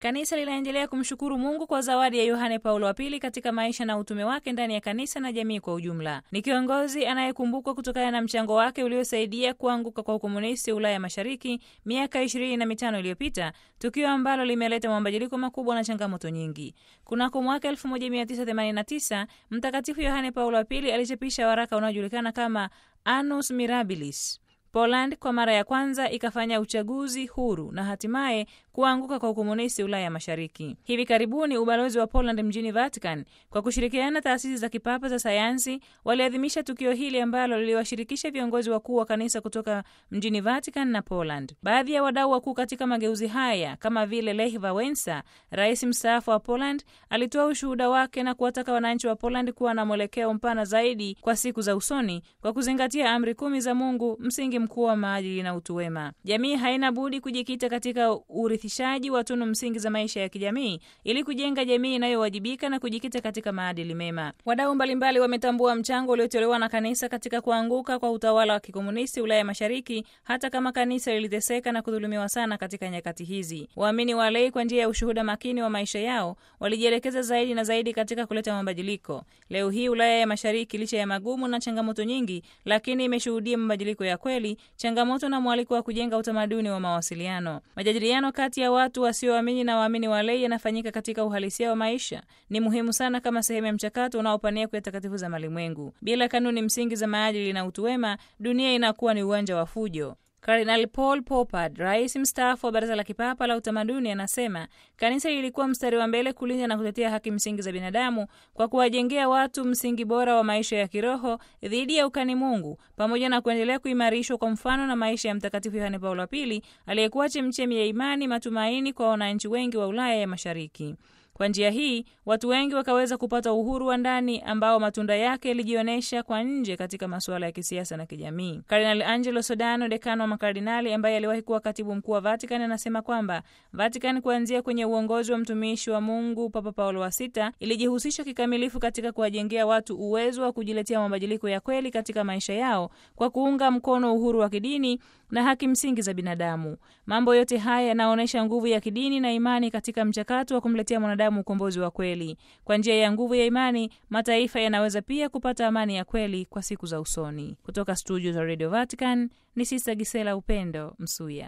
Kanisa linaendelea kumshukuru Mungu kwa zawadi ya Yohane Paulo wa Pili katika maisha na utume wake ndani ya kanisa na jamii kwa ujumla. Ni kiongozi anayekumbukwa kutokana na mchango wake uliosaidia kuanguka kwa ukomunisti Ulaya Mashariki miaka ishirini na mitano iliyopita, tukio ambalo limeleta mabadiliko makubwa na changamoto nyingi. Kunako mwaka 1989 Mtakatifu Yohane Paulo wa Pili alichapisha waraka unaojulikana kama Annus Mirabilis Poland kwa mara ya kwanza ikafanya uchaguzi huru na hatimaye kuanguka kwa ukomunisti Ulaya Mashariki. Hivi karibuni ubalozi wa Poland mjini Vatican kwa kushirikiana taasisi za kipapa za sayansi waliadhimisha tukio hili ambalo liliwashirikisha viongozi wakuu wa kanisa kutoka mjini Vatican na Poland. Baadhi ya wadau wakuu katika mageuzi haya kama vile Lech Wałęsa, rais mstaafu wa Poland, alitoa ushuhuda wake na kuwataka wananchi wa Poland kuwa na mwelekeo mpana zaidi kwa siku za usoni kwa kuzingatia amri kumi za Mungu msingi mkuu wa maadili na utu wema. Jamii haina budi kujikita katika urithishaji wa tunu msingi za maisha ya kijamii ili kujenga jamii inayowajibika na kujikita katika maadili mema. Wadau mbalimbali wametambua mchango uliotolewa na kanisa katika kuanguka kwa utawala wa kikomunisti Ulaya Mashariki, hata kama kanisa liliteseka na kudhulumiwa sana katika nyakati hizi. Waamini walei, kwa njia ya ushuhuda makini wa maisha yao, walijielekeza zaidi na zaidi katika kuleta mabadiliko. Leo hii Ulaya ya Mashariki, licha ya magumu na changamoto nyingi, lakini imeshuhudia mabadiliko ya kweli changamoto na mwaliko wa kujenga utamaduni wa mawasiliano. Majadiliano kati ya watu wasioamini na waamini wa lei yanafanyika katika uhalisia wa maisha, ni muhimu sana kama sehemu ya mchakato unaopania takatifu za malimwengu. Bila kanuni msingi za maadili na utu wema, dunia inakuwa ni uwanja wa fujo kardinal Paul popard rais mstaafu wa Baraza la Kipapa la Utamaduni, anasema kanisa lilikuwa mstari wa mbele kulinda na kutetea haki msingi za binadamu kwa kuwajengea watu msingi bora wa maisha ya kiroho dhidi ya ukani Mungu, pamoja na kuendelea kuimarishwa kwa mfano na maisha ya Mtakatifu Yohane Paulo wa Pili, aliyekuwa chemchemi ya imani, matumaini kwa wananchi wengi wa Ulaya ya Mashariki. Kwa njia hii watu wengi wakaweza kupata uhuru wa ndani ambao matunda yake yalijionyesha kwa nje katika masuala ya kisiasa na kijamii. Kardinali Angelo Sodano, dekano wa makardinali ambaye aliwahi kuwa katibu mkuu wa Vatican, anasema kwamba Vatican kuanzia kwenye uongozi wa mtumishi wa Mungu Papa Paulo wa sita ilijihusisha kikamilifu katika kuwajengea watu uwezo wa kujiletea mabadiliko ya kweli katika maisha yao kwa kuunga mkono uhuru wa kidini na haki msingi za binadamu. Mambo yote haya yanaonyesha nguvu ya kidini na imani katika mchakato wa kumletea mwanadamu binadamu ukombozi wa kweli. Kwa njia ya nguvu ya imani, mataifa yanaweza pia kupata amani ya kweli kwa siku za usoni. Kutoka studio za Radio Vatican ni Sista Gisela Upendo Msuya.